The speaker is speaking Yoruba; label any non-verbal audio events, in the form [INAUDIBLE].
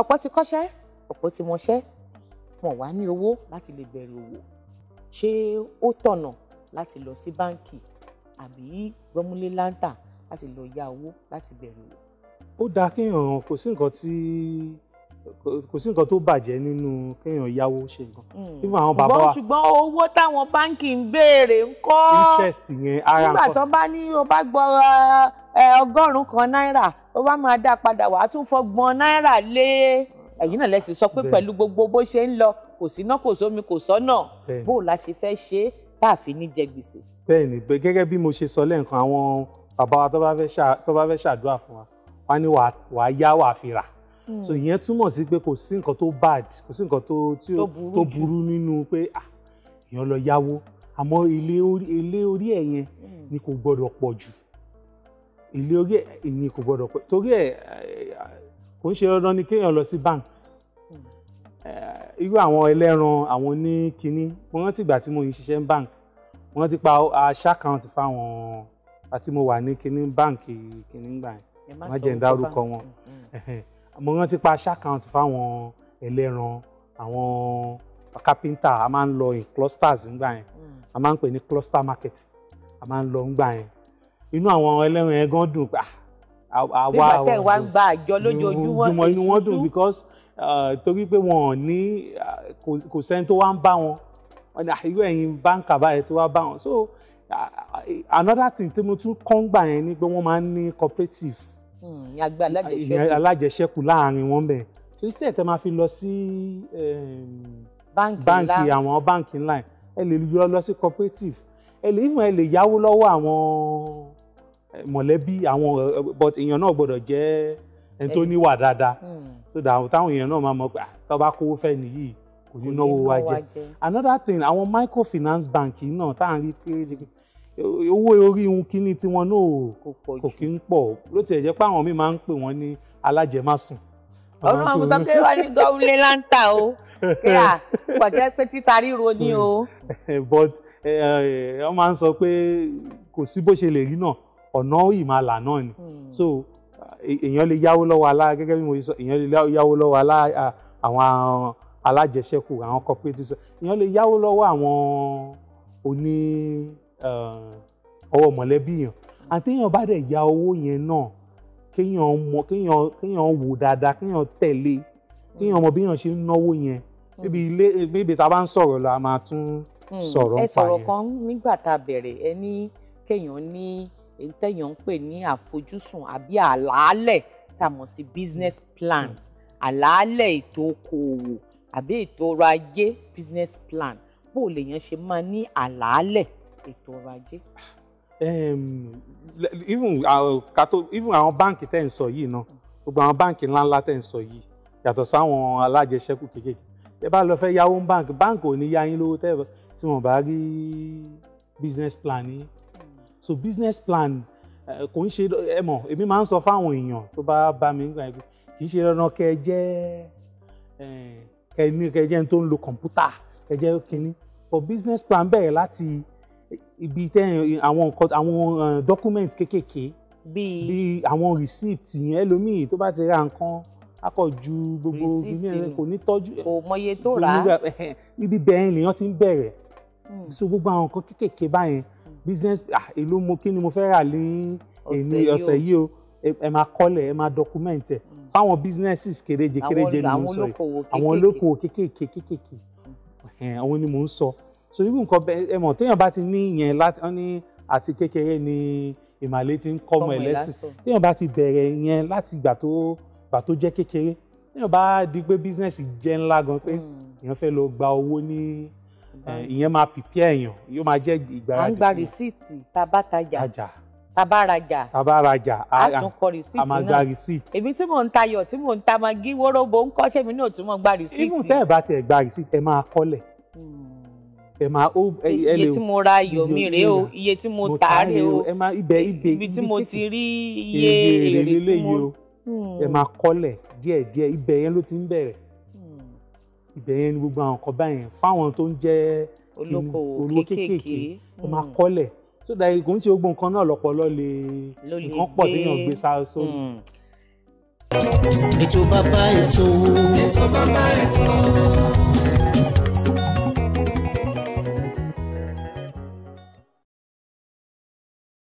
ọ̀pọ̀ ti kọ́ṣẹ́ ọ̀pọ̀ ti mọṣẹ́ wọn wá ní owó láti lè bẹ̀rẹ̀ òwò ṣé ó tọ̀nà láti lọ sí báǹkì àbí gbọ́múlé láńtà láti lọ yá owó láti bẹ̀rẹ̀ òwò. ó dáa kéèyàn kò sí nǹkan tí kò sí nǹkan tó bàjẹ́ nínú kéèyàn yáwó ṣe nǹkan. Hmm. even àwọn bàbá wa ṣùgbọ́n owó táwọn báńkì ń béèrè ń kọ́ interest yẹn ara nǹkan. nígbà tó bá ní o bá gbọ́ ọgọ́rùn-ún kan náírà o bá máa dá padà wàá tún fọgbọ́n náírà lé ẹ̀yin náà lẹ́sìn sọ pé pẹ̀lú gbogbo bó ṣe ń lọ kò síná kò sómi kò sọ́nà bó la ṣe fẹ́ ṣe é tá a fi ní jẹ gbèsè. bẹ́ẹ̀ni gẹ́gẹ́ bí mo ṣe sọ lẹ́ẹ̀kan àwọn bàbá wa tó bá fẹ́ ṣàdúrà fún wa wọ́n ní wàá yá wàá fi rà. Hmm. so ìyẹn túmọ̀ sí pé kò sí nǹkan tó bad kò sí nǹkan tó tó burú nínú pé ah èèyàn lọ yáwó àmọ́ ilé orí ẹ̀ yẹn hmm. ni kò gbọ́dọ̀ pọ̀ jù ilé orí ẹ̀ ni kò gbọ́dọ̀ pọ̀ torí ẹ̀ kò ń ṣe dandan ni kéèyàn lọ sí bank hmm. eh, irú àwọn ẹlẹ́ran àwọn ní kinní mo rántí ìgbà tí mo yìí ṣiṣẹ́ ń bank mo rántí pa aṣáàkàǹtì fáwọn àti mo wà ní kinní báǹkì kinní gbà yẹn má jẹ́ ń dárúkọ wọn mo rántí pa ṣàkàǹtì fáwọn ẹlẹ́ran àwọn kápẹ́ńtà a máa ń lọ in clusters ńgbà yẹn a máa ń pè ní cluster market a máa ń lọ ńgbà yẹn inú àwọn ẹlẹ́ran yẹn gan dùn gbà àwa ò nígbà tẹ̀ wá ń gba àjọ lójoojúmọ́ èsúsú inú wọn dùn because uh, torí pé wọn ò ní kò sẹ́ni tó wá ń bá wọn wọn ni ah, àyíwò ẹ̀yin báńkà báyẹn tó wá bá wọn so uh, another thing tí mo tún kọ́ ń yẹn ni pé wọ́n máa ń ní cooperative Hmm, alájẹṣẹ́kù láàrin wọn bẹ́ẹ̀ so instead tẹ máa fi lọ sí báǹkì àwọn báǹkì ńlá ẹ lè yọ lọ sí cooperative ẹ lè even ẹ lè yáwó lọ́wọ́ àwọn mọ̀lẹ́bí àwọn but èèyàn náà gbọ́dọ̀ jẹ́ ẹni tó níwà dáadáa hmm. so that táwọn èèyàn náà máa mọ̀ pé ah, tó bá kówó fẹ́ nìyí kò ní náwó wa jẹ another thing àwọn microfinance bank náà tá à ń rí kéréje owó orí ohun kíní tí wọn náà kò kí ń pọ̀ ló tiẹ̀ jẹ́ pé àwọn míì máa ń pè wọ́n ní alájẹmásùn. ọ̀run àwọn sọ pé wọ́n ní gọ́wúlé láǹtà o [LAUGHS] kò jẹ́ pé títa ríro ni o. [LAUGHS] but wọ́n máa ń sọ pé kò sí bó ṣe lè rí náà ọ̀nà ìmàlà náà ni hmm. so èèyàn lè yáwó lọ́wọ́ alá gẹ́gẹ́ bí mo sọ èèyàn lè yáwó lọ́wọ́ alá àwọn alájẹsẹ́kù àwọn cooperative èèyàn lè yáwó lọ́wọ́ àwọn oní Eh, ọwọ́ mọ̀lẹ́bí yàn àtẹ̀yàn bá dẹ̀ ya owó yẹn náà kéèyàn mọ kéèyàn kéèyàn wò dáadáa kéèyàn tẹ̀lé kéèyàn mọ bí yàn ṣe ń náwó yẹn mm. níbi ilé níbi tá bá ń sọ̀rọ̀ la máa tún mm. sọ̀rọ̀ ń pa yẹn. ẹ sọ̀rọ̀ kan nígbà tá a bẹ̀rẹ̀ ẹ ní kéèyàn ní tẹ̀yàn ń pè ní àfojúsùn àbí àlàálẹ̀ tá a mọ̀ sí business plan àlàálẹ̀ ètò okòòwò àbí ètò ọrọ̀ ajé business plan bó lèèyàn ṣe máa ní àlàálẹ̀ ètò ọrọ̀ ajé. even àwọn báǹkì tẹ́ ń sọ yìí náà gbogbo àwọn báǹkì ńláńlá tẹ́ ń sọ yìí yàtọ̀ sáwọn alájẹsẹ́kù kéékèèké ẹ bá lọ fẹ́ yáwó ń báǹkì báǹkì ò ní yá yín lówó tẹ́ tí wọ́n bá rí business plan yín so business plan kò ń ṣe ẹ mọ̀ èmi máa ń sọ fáwọn èèyàn tó bá bá mi nígbà yẹn kì í ṣe dandan kẹ jẹ́ kẹ ní kẹ jẹ́ tó ń lo kọ̀ǹpútà kẹ jẹ́ kínní but business plan bẹ̀rẹ̀ láti ibi tẹ àwọn nǹkan àwọn document kéékèèké bíi àwọn receipt yẹn ẹlòmíì tó bá ti ra nǹkan akọ̀jù gbogbo ìgbìmọ̀ rẹ kò ní tọ́jú kò mọye tó rà á ibi bẹ́ẹ̀ lèèyàn ti ń bẹ̀rẹ̀ hmm. so gbogbo àwọn nǹkan kéékèèké báyẹn hmm. business ah, èló mo kí ni mo fẹ́ rà ní èmi ọ̀sẹ̀ yìí o ẹ máa kọ́lẹ̀ ẹ máa document ẹ̀ hmm. fáwọn businesses kéréje kéréje ni mo sọ yìí àwọn olókòwò kéékèèké àwọn ni mo ń sọ so irú nǹkan bẹ ẹ mọ̀ téèyàn bá ti ní ìyẹn láti ní àti kékeré ni ìmàlẹ́ ti ń kọ́mọ ẹlẹ́sìn téèyàn bá ti bẹ̀rẹ̀ yẹn láti ìgbà tó ìgbà tó jẹ́ kékeré téèyàn bá di pé bísínẹ́sì jẹ́ ńlá gan pé hmm. èèyàn fẹ́ lọ gba owó ní ìyẹn máa pìpì èèyàn yóò máa jẹ́ ìgbáradì. à ń gba rìsíìtì tabataja tabaraja tabaraja a tún kọ rìsíìtì náà a máa gba rìsíìtì. èmi tí mò ń tayọ̀ tí mò ń ta magi wóróbo ń kọ́ṣẹ́ mi náà tún mọ̀ gba rìsíìtì. ibùn tẹ́ ẹ̀ bá tiẹ̀ gba rìsíìtì ẹ máa kọ́lẹ̀ hmm ẹ máa ó ẹ lè iye tí mo ra iyọ̀ mi rèé o iye tí mo tà á rèé o ẹ máa ibẹ̀ ibẹ̀ ibi tí mo ti rí iye èrè tí mo hmm. ẹ máa kọ́lẹ̀ díẹ̀díẹ̀ ibẹ̀ yẹn ló ti ń bẹ̀rẹ̀ hmm. ibẹ̀ yẹn ni gbogbo àwọn nǹkan báyẹn fáwọn tó ń jẹ́ olówó kéékèèké ẹ máa hmm. kọ́lẹ̀ so that kò ń ṣe gbogbo nǹkan náà lọ́pọlọ lè nǹkan pọ̀ téèyàn gbé sáré sórí ètò bàbá ètò ètò bàbá ètò